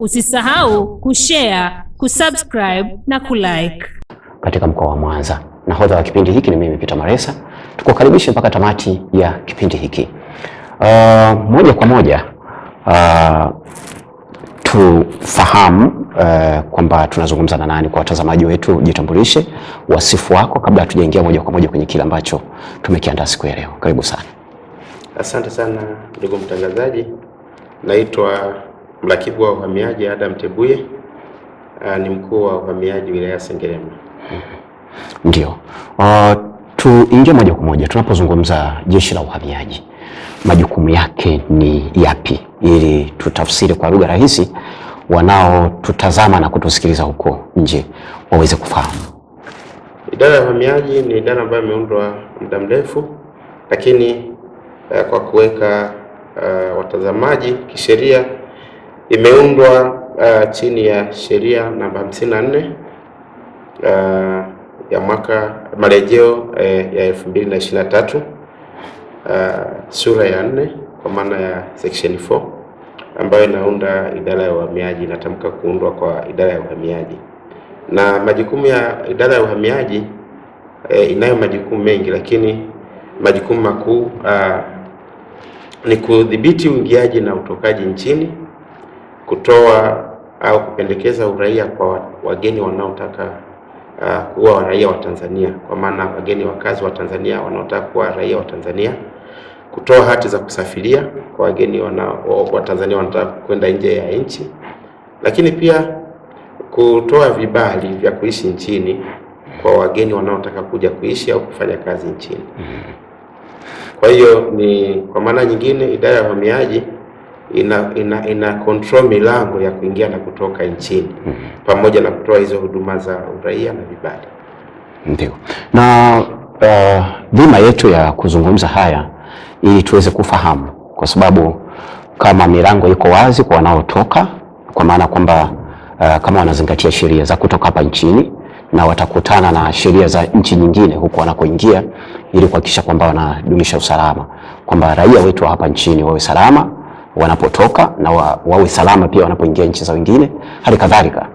Usisahau kushare, kusubscribe na kulike. Katika mkoa wa Mwanza, nahodha wa kipindi hiki ni mimi Peter Maresa, tukukaribisha mpaka tamati ya kipindi hiki. Uh, moja kwa moja uh, tufahamu uh, kwamba tunazungumza na nani. Kwa watazamaji wetu, jitambulishe, wasifu wako kabla hatujaingia moja kwa moja kwenye kile ambacho tumekiandaa siku ya leo. Karibu sana. Asante sana ndugu mtangazaji, naitwa Mrakibu wa uhamiaji Adam Tebuye ah, ni mkuu wa uhamiaji wilaya Sengerema. Ndio. Uh, ah, tuingie moja kwa moja, tunapozungumza jeshi la uhamiaji, majukumu yake ni yapi, ili tutafsiri kwa lugha rahisi wanaotutazama na kutusikiliza huko nje waweze kufahamu. Idara ya uhamiaji ni idara ambayo imeundwa muda mrefu, lakini uh, kwa kuweka uh, watazamaji kisheria imeundwa uh, chini ya sheria namba 54 uh, ya mwaka marejeo uh, ya 2023 uh, sura ya 4 kwa maana ya section 4 ambayo inaunda idara ya uhamiaji, inatamka kuundwa kwa idara ya uhamiaji na majukumu ya idara ya uhamiaji eh, inayo majukumu mengi, lakini majukumu makuu uh, ni kudhibiti uingiaji na utokaji nchini kutoa au kupendekeza uraia kwa wageni wanaotaka uh, kuwa raia wa Tanzania, kwa maana wageni wakazi wa Tanzania wanaotaka kuwa raia wa Tanzania, kutoa hati za kusafiria kwa wageni wana, wa Tanzania wanataka kwenda nje ya nchi, lakini pia kutoa vibali vya kuishi nchini kwa wageni wanaotaka kuja kuishi au kufanya kazi nchini. Mm-hmm. Kwa hiyo ni kwa maana nyingine, idara ya uhamiaji ina ina, ina control milango ya kuingia na kutoka nchini mm -hmm. pamoja na kutoa hizo huduma za uraia na vibali. Ndio, na uh, dhima yetu ya kuzungumza haya ili tuweze kufahamu, kwa sababu kama milango iko wazi kwa wanaotoka, kwa maana kwamba uh, kama wanazingatia sheria za kutoka hapa nchini na watakutana na sheria za nchi nyingine huko wanakoingia, ili kuhakikisha kwamba wanadumisha usalama, kwamba raia wetu wa hapa nchini wawe salama wanapotoka na wa, wawe salama pia wanapoingia nchi za wengine, hali kadhalika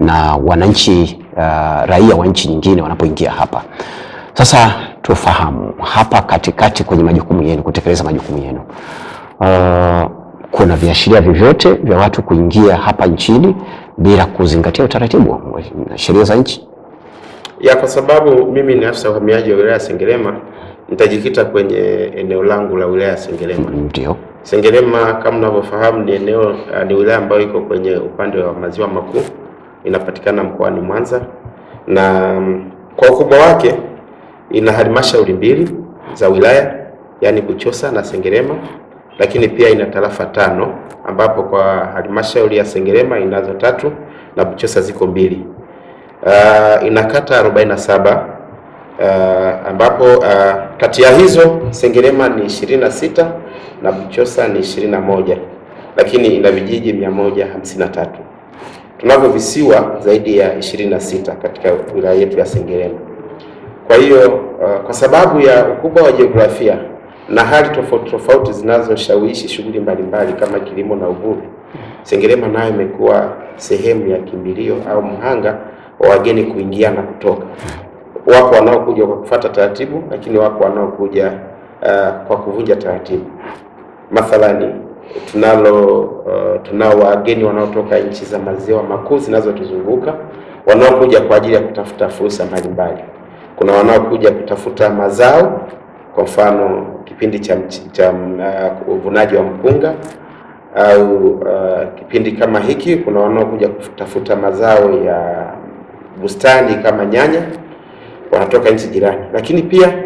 na wananchi uh, raia wa nchi nyingine wanapoingia hapa. Sasa tufahamu hapa katikati kwenye majukumu yenu, kutekeleza majukumu yenu uh, kuna viashiria vyovyote vya watu kuingia hapa nchini bila kuzingatia utaratibu na sheria za nchi? Ya, kwa sababu mimi ni afisa uhamiaji wa wilaya ya Sengerema, nitajikita kwenye eneo langu la wilaya ya Sengerema. Ndio. Sengerema kama mnavyofahamu ni eneo eh, ni wilaya ambayo iko kwenye upande wa maziwa makuu, inapatikana mkoani Mwanza na mm, kwa ukubwa wake ina halmashauri mbili za wilaya, yaani Buchosa na Sengerema, lakini pia ina tarafa tano, ambapo kwa halmashauri ya Sengerema inazo tatu na Buchosa ziko mbili. Uh, ina kata 47 uh, ah, ambapo uh, kati ya hizo Sengerema ni 26 na Buchosa ni moja lakini ina vijiji tatu Tunavyo visiwa zaidi ya sita katika wilaya yetu ya Sengerema. Kwa hiyo uh, kwa sababu ya ukubwa wa jiografia na hali tofauti tofauti zinazoshawishi shughuli mbalimbali kama kilimo na uvuvi, Sengerema nayo imekuwa sehemu ya kimbilio au mhanga wa wageni kuingia na kutoka. Wako wanaokuja kwa kufuata taratibu, lakini wako wanaokuja uh, kwa kuvunja taratibu. Mathalani tunalo uh, tunao wageni wanaotoka nchi za maziwa makuu zinazotuzunguka wanaokuja kwa ajili ya kutafuta fursa mbalimbali. Kuna wanaokuja kutafuta mazao, kwa mfano kipindi cha cha uh, uvunaji uh, wa mpunga au uh, kipindi kama hiki, kuna wanaokuja kutafuta mazao ya bustani kama nyanya, wanatoka nchi jirani, lakini pia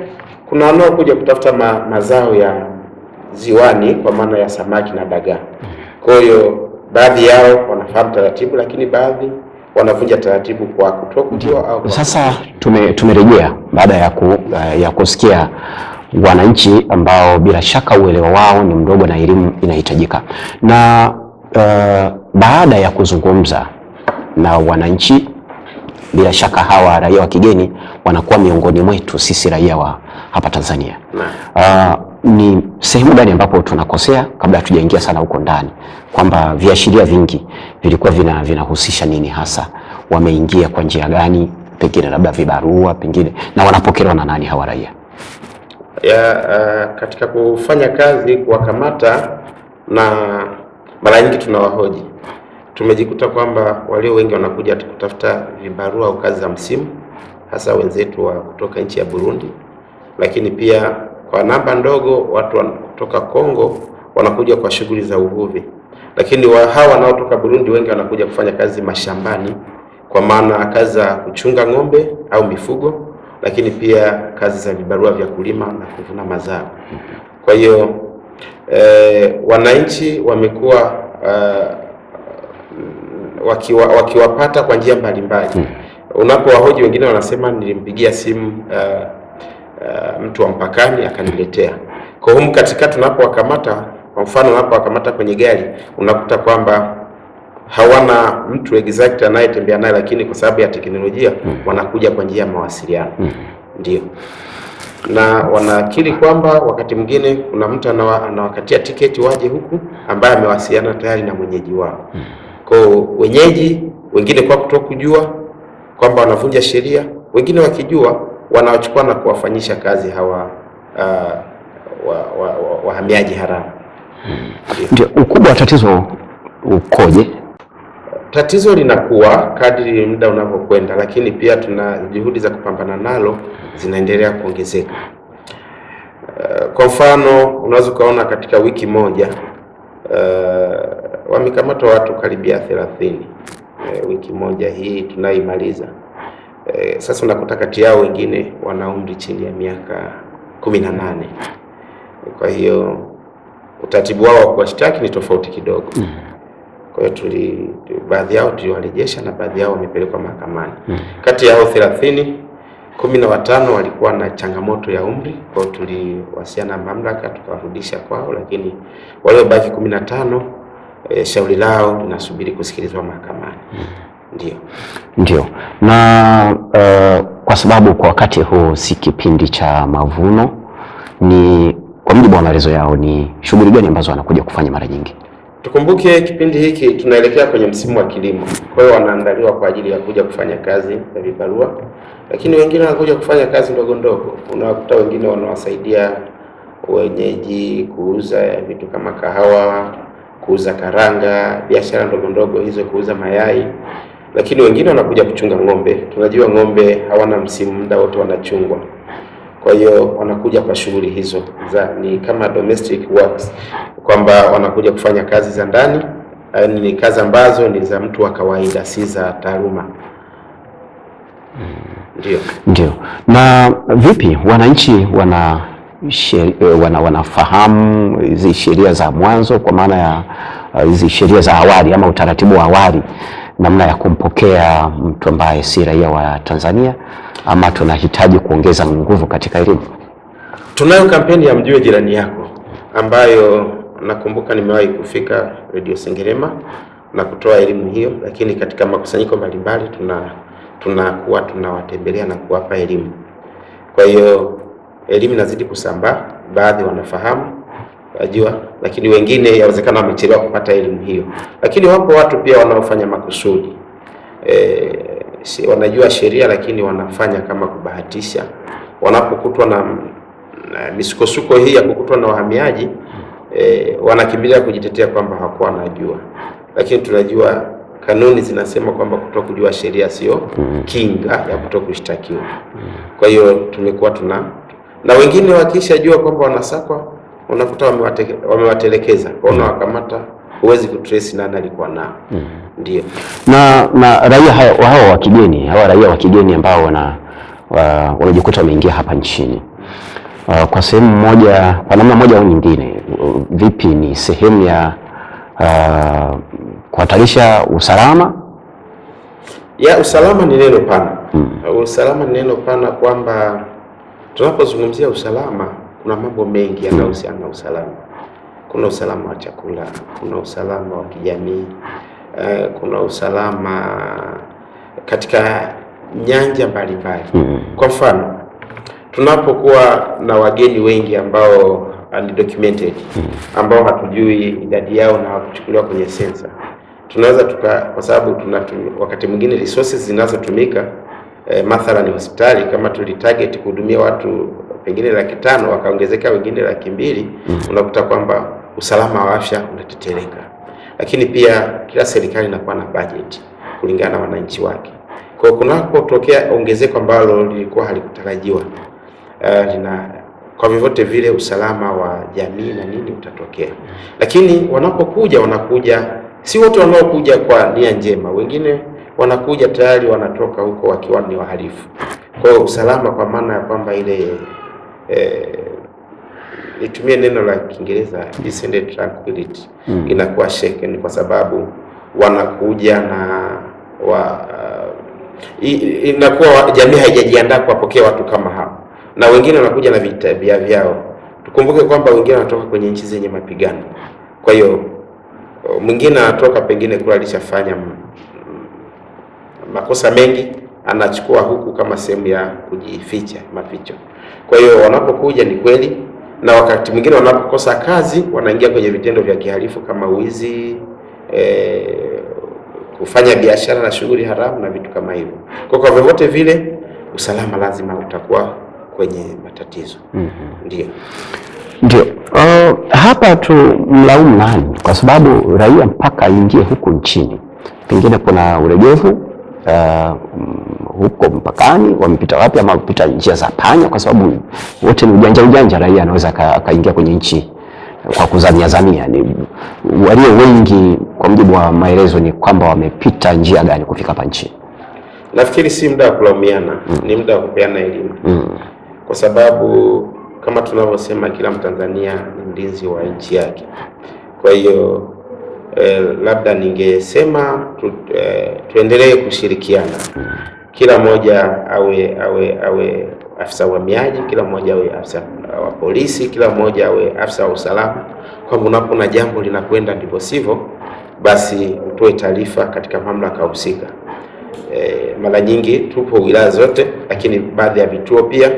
kuna wanaokuja kutafuta ma, mazao ya ziwani kwa maana ya samaki na dagaa. Kwa hiyo baadhi yao wanafahamu taratibu, lakini baadhi wanavunja taratibu kwa kutokujua au kwa... Sasa tume, tumerejea baada ya, ku, ya kusikia wananchi ambao bila shaka uelewa wao ni mdogo na elimu inahitajika na uh, baada ya kuzungumza na wananchi bila shaka hawa raia wa kigeni wanakuwa miongoni mwetu sisi raia wa hapa Tanzania. Uh, ni sehemu gani ambapo tunakosea kabla hatujaingia sana huko ndani, kwamba viashiria vingi vilikuwa vinahusisha vina nini hasa, wameingia kwa njia gani, pengine labda vibarua, pengine na wanapokelewa na nani hawa raia ya uh, katika kufanya kazi kuwakamata, na mara nyingi tunawahoji. Tumejikuta kwamba walio wengi wanakuja kutafuta vibarua au kazi za msimu, hasa wenzetu wa kutoka nchi ya Burundi, lakini pia kwa namba ndogo watu kutoka Kongo wanakuja kwa shughuli za uvuvi, lakini wa hawa wanaotoka Burundi wengi wanakuja kufanya kazi mashambani, kwa maana kazi za kuchunga ng'ombe au mifugo, lakini pia kazi za vibarua vya kulima na kuvuna mazao. Kwa hiyo eh, wananchi wamekuwa eh, wakiwa, wakiwapata kwa njia mbalimbali. Hmm. Unapowahoji wengine wanasema nilimpigia simu eh, Eh, mtu wa mpakani akaniletea. Kwa hiyo katikati unapowakamata, kwa mfano unapowakamata kwenye gari unakuta kwamba hawana mtu exact anayetembea naye, lakini kwa sababu ya teknolojia hmm. wanakuja kwa njia ya mawasiliano mm. Ndio, na wanaakili kwamba wakati mwingine kuna mtu anawakatia tiketi waje huku ambaye amewasiliana tayari na mwenyeji wao mm. wenyeji wengine kwa kutokujua kwamba wanavunja sheria, wengine wakijua wanaochukua na kuwafanyisha kazi hawa uh, ah, wahamiaji wa, wa haramu. Ndio ukubwa wa tatizo ukoje? Tatizo linakuwa kadri muda unavyokwenda, lakini pia tuna juhudi za kupambana nalo zinaendelea kuongezeka. Uh, kwa mfano unaweza ukaona katika wiki moja uh, wamekamatwa watu karibia thelathini uh, wiki moja hii tunaimaliza eh, sasa unakuta kati yao wengine wana umri chini ya miaka kumi na nane. Kwa hiyo utaratibu wao wa kuwashtaki ni tofauti kidogo. Mm. Kwa hiyo tuli baadhi yao tuliwarejesha na baadhi yao wamepelekwa mahakamani. Mm. Kati ya hao thelathini kumi na watano walikuwa na changamoto ya umri, kwa hiyo na mamlaka tukawarudisha kwao, lakini waliobaki kumi na tano e, shauri lao linasubiri kusikilizwa mahakamani. Mm. Ndio, ndio. Na uh, kwa sababu kwa wakati huu si kipindi cha mavuno, ni kwa mujibu wa maelezo yao, ni shughuli gani ambazo wanakuja kufanya mara nyingi? Tukumbuke kipindi hiki tunaelekea kwenye msimu wa kilimo, kwa hiyo wanaandaliwa kwa ajili ya kuja kufanya kazi ya vibarua, lakini wengine wanakuja kufanya kazi ndogo ndogo. Unawakuta wengine wanawasaidia wenyeji kuuza vitu kama kahawa, kuuza karanga, biashara ndogo ndogo hizo, kuuza mayai lakini wengine wanakuja kuchunga ng'ombe. Tunajua ng'ombe hawana msimu, muda wote wanachungwa. Kwa hiyo wanakuja kwa shughuli hizo za, ni kama domestic works kwamba wanakuja kufanya kazi za ndani, yaani ni kazi ambazo ni za mtu wa kawaida, si za taaluma. Ndio, ndio. Na vipi wananchi wana eh, wana, wanafahamu hizi sheria za mwanzo kwa maana ya eh, hizi sheria za awali ama utaratibu wa awali namna ya kumpokea mtu ambaye si raia wa Tanzania ama tunahitaji kuongeza nguvu katika elimu? Tunayo kampeni ya mjue jirani yako ambayo nakumbuka nimewahi kufika Radio Sengerema na kutoa elimu hiyo, lakini katika makusanyiko mbalimbali tuna tunakuwa tunawatembelea na kuwapa elimu. Kwa hiyo elimu inazidi kusambaa, baadhi wanafahamu Unajua, lakini wengine yawezekana wamechelewa kupata elimu hiyo, lakini wapo watu pia wanaofanya makusudi e, si, wanajua sheria lakini wanafanya kama kubahatisha. Wanapokutwa na, na misukosuko hii ya kukutwa na wahamiaji e, wanakimbilia kujitetea kwamba hawakuwa wanajua, lakini tunajua kanuni zinasema kwamba kuto kujua sheria sio kinga ya kuto kushtakiwa. Kwa hiyo tumekuwa tuna na wengine wakishajua kwamba wanasakwa unakuta wamewatelekeza, mm. unawakamata huwezi kutrace nani alikuwa na mm. Ndio na na raia hawa wa kigeni hawa raia wa kigeni ambao wana wanajikuta wameingia hapa nchini uh, kwa sehemu moja, kwa namna moja au nyingine, uh, vipi ni sehemu ya uh, kuhatarisha usalama ya usalama ni neno pana. mm. Usalama ni neno pana kwamba tunapozungumzia usalama kuna mambo mengi yanayohusiana na usalama. Kuna usalama wa chakula, kuna usalama wa kijamii, eh, kuna usalama katika nyanja mbalimbali. Mm. Kwa mfano, tunapokuwa na wageni wengi ambao undocumented mm. ambao hatujui idadi yao na hawakuchukuliwa kwenye sensa, tunaweza tuka, kwa sababu tuna wakati mwingine resources zinazotumika e, eh, ni hospitali kama tulitarget kuhudumia watu pengine laki tano wakaongezeka wengine laki mbili mm. unakuta kwamba usalama wa afya unatetereka, lakini pia kila serikali inakuwa na budget kulingana na wananchi wake. Kwa hiyo kunapotokea ongezeko ambalo lilikuwa halikutarajiwa uh, kwa vyovyote vile usalama wa jamii na nini utatokea, lakini wanapokuja wanakuja, si wote wanaokuja kwa nia njema, wengine wanakuja tayari wanatoka huko wakiwa ni wahalifu. Kwa hiyo usalama, kwa maana ya kwamba ile e, nitumie neno la Kiingereza descended tranquility mm. inakuwa shaken kwa sababu wanakuja na wa, uh, inakuwa jamii haijajiandaa kuwapokea watu kama hao, na wengine wanakuja na vitabia vyao. Tukumbuke kwamba wengine wanatoka kwenye nchi zenye mapigano, kwa hiyo mwingine anatoka pengine kula alishafanya makosa mengi anachukua huku kama sehemu ya kujificha maficho. Kwa hiyo wanapokuja ni kweli, na wakati mwingine wanapokosa kazi wanaingia kwenye vitendo vya kihalifu kama wizi e, kufanya biashara na shughuli haramu na vitu kama hivyo. Kwa kwa vyovyote vile usalama lazima utakuwa kwenye matatizo. mm -hmm. Ndio, ndio. Uh, hapa tu mlaumu nani? Kwa sababu raia mpaka aingie huku nchini, pengine kuna urejevu uh, mm, huko mpakani wamepita wapi ama wamepita njia za panya, kwa sababu wote ni ujanja ujanja, raia anaweza akaingia kwenye nchi kwa kuzamia zamia. Ni walio wengi, kwa mujibu wa maelezo, ni kwamba wamepita njia gani kufika hapa nchini. Nafikiri si muda wa kulaumiana mm. ni muda wa kupeana elimu mm. kwa sababu kama tunavyosema, kila Mtanzania ni mlinzi wa nchi yake, kwa hiyo Eh, labda ningesema tu, eh, tuendelee kushirikiana, kila mmoja awe awe awe afisa uhamiaji, kila mmoja awe afisa wa polisi, kila mmoja awe afisa wa usalama, kwamba na jambo linakwenda ndivyo sivyo, basi utoe taarifa katika mamlaka husika. E, mara nyingi tupo wilaya zote, lakini baadhi ya vituo pia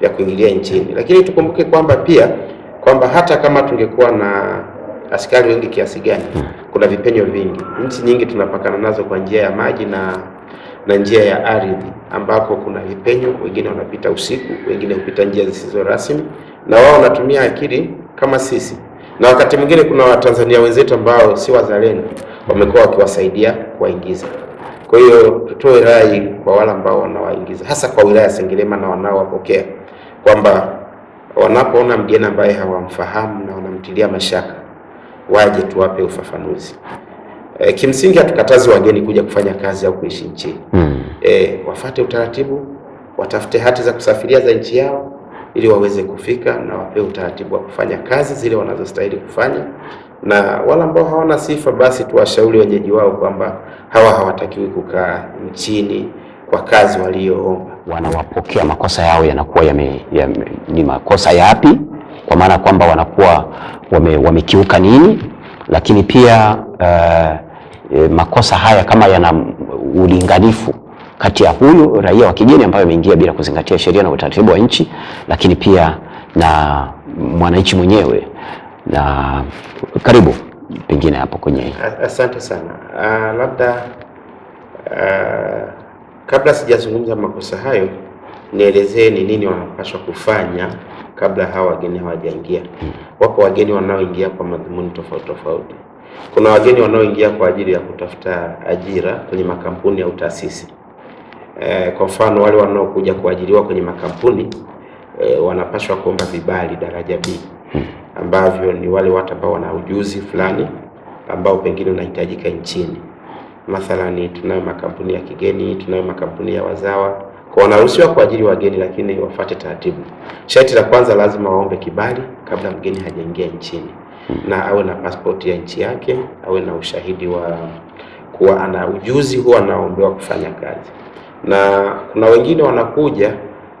vya kuingilia nchini, lakini tukumbuke kwamba pia kwamba hata kama tungekuwa na askari wengi kiasi gani? Hmm. Kuna vipenyo vingi, nchi nyingi tunapakana nazo kwa njia ya maji na na njia ya ardhi, ambako kuna vipenyo. Wengine wanapita usiku, wengine hupita njia zisizo rasmi, na wao wanatumia akili kama sisi, na wakati mwingine kuna Watanzania wenzetu ambao si wazalendo, wamekuwa wakiwasaidia kuwaingiza. Kwa hiyo tutoe rai kwa wale ambao wanawaingiza, hasa kwa wilaya Sengerema na wanaowapokea, kwamba wanapoona mgeni ambaye hawamfahamu na wanamtilia mashaka waje tuwape ufafanuzi. E, kimsingi hatukatazi wageni kuja kufanya kazi au kuishi nchini mm. E, wafate utaratibu, watafute hati za kusafiria za nchi yao ili waweze kufika na wapewe utaratibu wa kufanya kazi zile wanazostahili kufanya, na wale ambao hawana sifa basi tuwashauri wenyeji wao kwamba hawa hawatakiwi kukaa nchini kwa kazi walioomba. Wanawapokea, makosa yao yanakuwa yame, yame, ni makosa yapi kwa maana kwamba wanakuwa wame, wamekiuka nini, lakini pia uh, e, makosa haya kama yana ulinganifu kati ya huyu raia wa kigeni ambaye ameingia bila kuzingatia sheria na utaratibu wa nchi, lakini pia na mwananchi mwenyewe. Na karibu pengine hapo kwenye. Asante sana. Uh, labda uh, kabla sijazungumza makosa hayo, nielezee ni nini wanapaswa kufanya kabla hawa wageni hawajaingia. Wapo wageni wanaoingia kwa madhumuni tofauti tofauti. Kuna wageni wanaoingia kwa ajili ya kutafuta ajira kwenye makampuni au taasisi. E, kwa mfano wale wanaokuja kuajiriwa kwenye makampuni e, wanapaswa kuomba vibali daraja B ambavyo ni wale watu ambao wana ujuzi fulani ambao pengine unahitajika nchini. Mathalani tunayo makampuni ya kigeni, tunayo makampuni ya wazawa kwa wanaruhusiwa kuajiri wageni, lakini wafate taratibu. Sharti la kwanza, lazima waombe kibali kabla mgeni hajaingia nchini, hmm. na awe na pasipoti ya nchi yake, awe na ushahidi wa kuwa ana ujuzi huwa anaombewa kufanya kazi, na kuna wengine wanakuja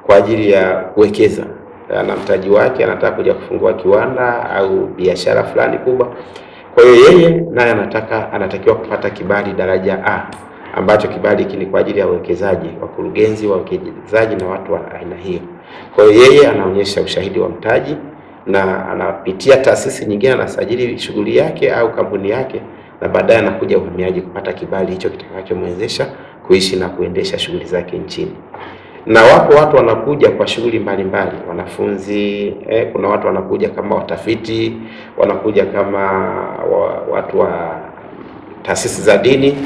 kwa ajili ya kuwekeza ana mtaji wake, anataka kuja kufungua kiwanda au biashara fulani kubwa. Kwa hiyo yeye naye anataka anatakiwa kupata kibali daraja A ambacho kibali hiki ni kwa ajili ya wawekezaji, wakurugenzi, wawekezaji na watu wa aina hiyo. Kwa hiyo yeye anaonyesha ushahidi wa mtaji na anapitia taasisi nyingine, anasajili shughuli yake au kampuni yake, na baadaye anakuja uhamiaji kupata kibali hicho kitakachomwezesha kuishi na kuendesha shughuli zake nchini. Na wapo watu wanakuja kwa shughuli mbalimbali, wanafunzi eh, kuna watu wanakuja kama watafiti, wanakuja kama wa, watu wa taasisi za dini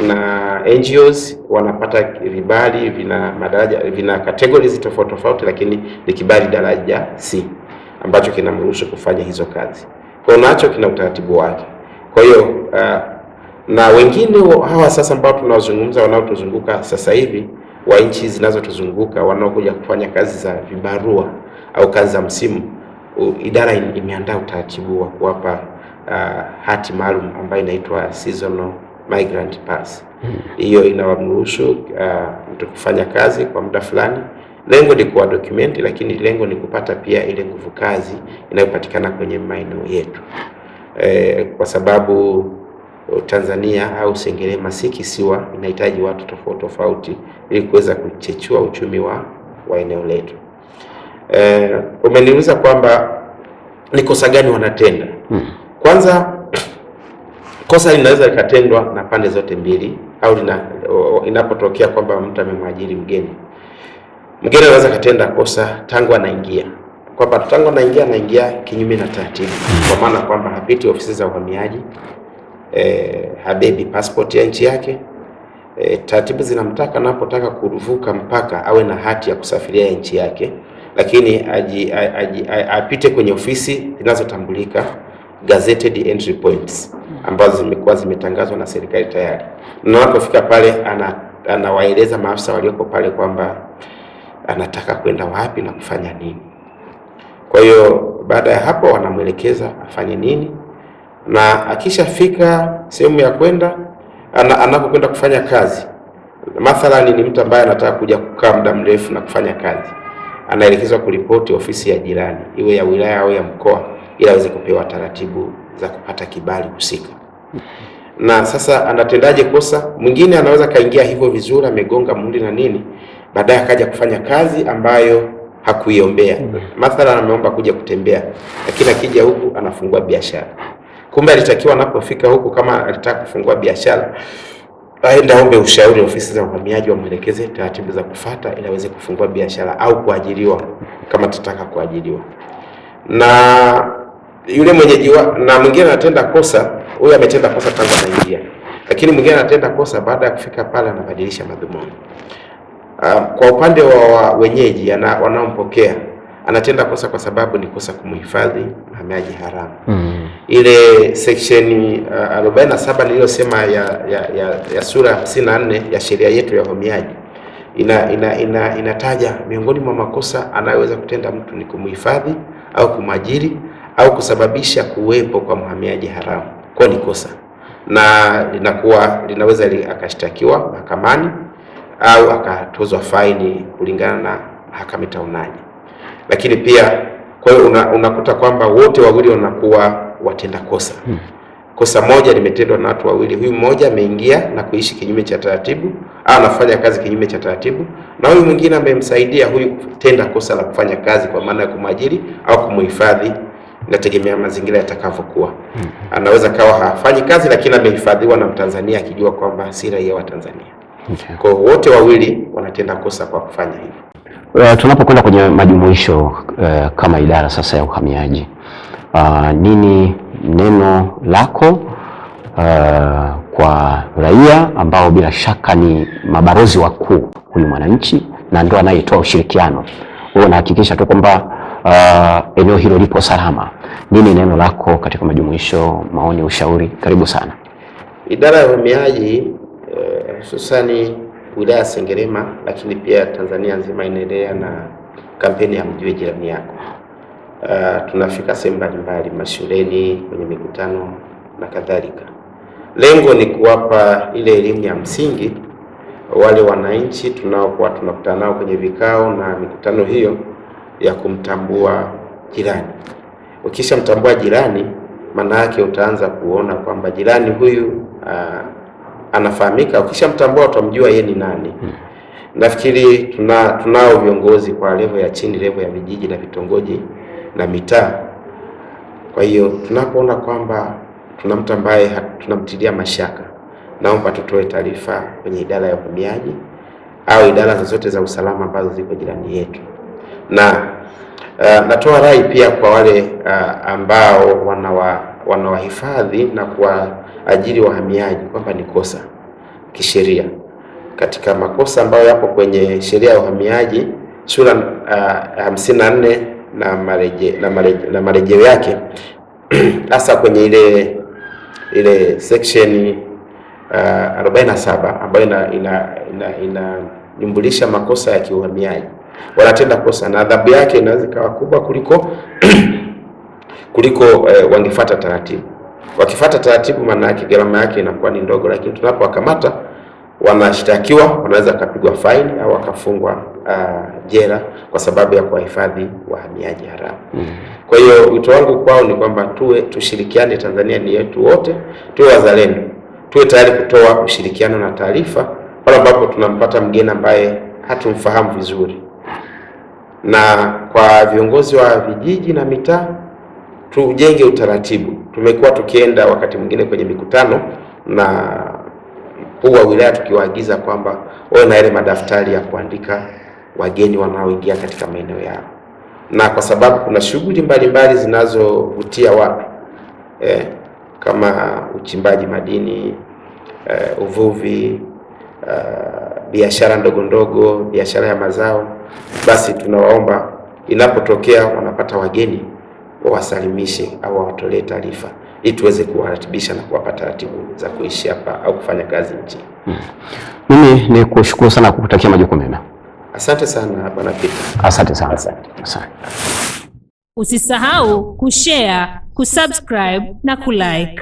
na NGOs wanapata vibali vina madaraja vina categories tofauti tofauti, lakini ni kibali daraja C ambacho kinamruhusu kufanya hizo kazi. Kwa hiyo nacho kina utaratibu wake. Kwa hiyo uh, na wengine hawa sasa ambao tunawazungumza wanaotuzunguka sasa hivi wa nchi zinazotuzunguka wanaokuja kufanya kazi za vibarua au kazi za msimu, idara imeandaa utaratibu wa kuwapa uh, hati maalum ambayo inaitwa seasonal migrant pass. Hmm. Hiyo inawamruhusu uh, mtu kufanya kazi kwa muda fulani. Lengo ni kuwa dokumenti, lakini lengo ni kupata pia ile nguvu kazi inayopatikana kwenye maeneo yetu e, kwa sababu uh, Tanzania au Sengerema si kisiwa, inahitaji watu tofauti tofauti ili kuweza kuchechua uchumi wa, wa eneo letu. E, umeniuliza kwamba ni kosa gani wanatenda. Hmm. Kwanza kosa linaweza likatendwa na pande zote mbili, au inapotokea kwamba mtu amemwajiri mgeni, mgeni anaweza katenda kosa tangu anaingia kwamba tangu anaingia anaingia kinyume na taratibu, kwa maana kwamba hapiti ofisi za uhamiaji e, habebi passport ya nchi yake e, taratibu zinamtaka anapotaka kuvuka mpaka awe na hati ya kusafiria ya nchi yake, lakini aji, aji, aji, apite kwenye ofisi zinazotambulika gazetted entry points ambazo zimekuwa zimetangazwa na serikali tayari, na anapofika pale ana, anawaeleza maafisa walioko pale kwamba anataka kwenda wapi na kufanya nini. Kwa hiyo baada ya hapo wanamwelekeza afanye nini, na akishafika sehemu ya kwenda ana, anapokwenda kufanya kazi mathalani, ni mtu ambaye anataka kuja kukaa muda mrefu na kufanya kazi, anaelekezwa kuripoti ofisi ya jirani, iwe ya wilaya au ya mkoa ili aweze kupewa taratibu za kupata kibali husika. Na sasa anatendaje kosa? Mwingine anaweza kaingia hivyo vizuri, amegonga muhuri na nini, baadaye akaja kufanya kazi ambayo hakuiombea. Mm. Mathalan, ameomba kuja kutembea, lakini akija huku anafungua biashara. Kumbe alitakiwa anapofika huku, kama alitaka kufungua biashara aenda ombe ushauri ofisi za uhamiaji wamwelekeze taratibu za kufata ili aweze kufungua biashara au kuajiriwa kama tutataka kuajiriwa na yule mwenyeji na mwingine anatenda kosa, huyo ametenda kosa tangu anaingia, lakini mwingine anatenda kosa baada ya kufika pale anabadilisha madhumuni. Um, kwa upande wa wenyeji wanaompokea anatenda kosa kwa sababu ni kosa kumhifadhi mhamiaji haramu. mm. Ile section uh, ah, 47 niliyosema ya, ya, ya, ya sura 54 ya sheria yetu ya uhamiaji ina, ina, ina, inataja miongoni mwa makosa anayoweza kutenda mtu ni kumhifadhi au kumwajiri au kusababisha kuwepo kwa mhamiaji haramu kwa ni kosa na linakuwa linaweza li, akashtakiwa mahakamani au akatozwa faini kulingana na mahakama itaonaje. Lakini pia kwa hiyo una, unakuta kwamba wote wawili wanakuwa watenda kosa hmm. Kosa moja limetendwa na watu wawili, huyu mmoja ameingia na kuishi kinyume cha taratibu au anafanya kazi kinyume cha taratibu, na huyu mwingine amemsaidia huyu kutenda kosa la kufanya kazi kwa maana ya kumwajiri au kumhifadhi inategemea mazingira yatakavyokuwa. hmm. Anaweza kawa hafanyi kazi lakini amehifadhiwa na Mtanzania akijua kwamba si raia wa Tanzania. okay. Kwa wote wawili wanatenda kosa kwa kufanya hivyo. Uh, tunapokwenda kwenye majumuisho uh, kama idara sasa ya uhamiaji uh, nini neno lako uh, kwa raia ambao bila shaka ni mabalozi wakuu, huyu mwananchi na ndio anayetoa ushirikiano, wewe unahakikisha tu kwamba uh, eneo hilo lipo salama. Nini neno lako katika majumuisho, maoni, ushauri? Karibu sana. Idara ya uhamiaji eh, hususani uh, wilaya ya Sengerema, lakini pia Tanzania nzima inaendelea na kampeni ya mjue jirani yako. Uh, tunafika sehemu mbalimbali, mashuleni, kwenye mikutano na kadhalika. Lengo ni kuwapa ile elimu ya msingi wale wananchi tunaokuwa tunakutana nao kwenye vikao na mikutano hiyo ya kumtambua jirani. Ukishamtambua jirani, maana yake utaanza kuona kwamba jirani huyu uh, anafahamika. Ukishamtambua utamjua yeye ni nani. Hmm. Nafikiri tuna tunao viongozi kwa levo ya chini, levo ya vijiji na vitongoji na mitaa. Kwa hiyo tunapoona kwamba tuna mtu ambaye tunamtilia mashaka, naomba tutoe taarifa kwenye idara ya uhamiaji au idara zozote za usalama ambazo ziko jirani yetu na uh, natoa rai pia kwa wale uh, ambao wanawa wanawahifadhi na kuwaajiri wahamiaji kwamba ni kosa kisheria. Katika makosa ambayo yapo kwenye sheria ya uhamiaji sura eh, hamsini uh, na nne na marejeo na mareje, na marejeo yake hasa kwenye ile ile section uh, 47 ambayo ina ina, ina makosa ya kiuhamiaji wanatenda kosa na adhabu yake inaweza ikawa kubwa kuliko kuliko eh, wangefata taratibu. Wakifata taratibu, maana yake gharama yake inakuwa ni ndogo, lakini tunapowakamata wanashtakiwa, wanaweza wakapigwa faini au wakafungwa uh, jela kwa sababu ya kuwahifadhi wahamiaji haramu mm. Kwa hiyo wito wangu kwao ni kwamba tuwe tushirikiane, Tanzania ni yetu wote, tuwe wazalendo, tuwe tayari kutoa ushirikiano na taarifa pale ambapo tunampata mgeni ambaye hatumfahamu vizuri na kwa viongozi wa vijiji na mitaa tujenge utaratibu. Tumekuwa tukienda wakati mwingine kwenye mikutano na mkuu wa wilaya tukiwaagiza kwamba wawe na yale madaftari ya kuandika wageni wanaoingia katika maeneo yao, na kwa sababu kuna shughuli mbalimbali zinazovutia watu eh, kama uchimbaji madini eh, uvuvi eh, biashara ndogo ndogo, biashara ya mazao, basi tunawaomba inapotokea wanapata wageni wawasalimishe au wawatolee taarifa ili tuweze kuwaratibisha na kuwapa taratibu za kuishi hapa au kufanya kazi Mimi Hmm. Mimi ni kushukuru sana kukutakia majukumu mema. Asante sana bwana Pita. Asante sana. Asante. Asante. Usisahau kushare, kusubscribe na kulike.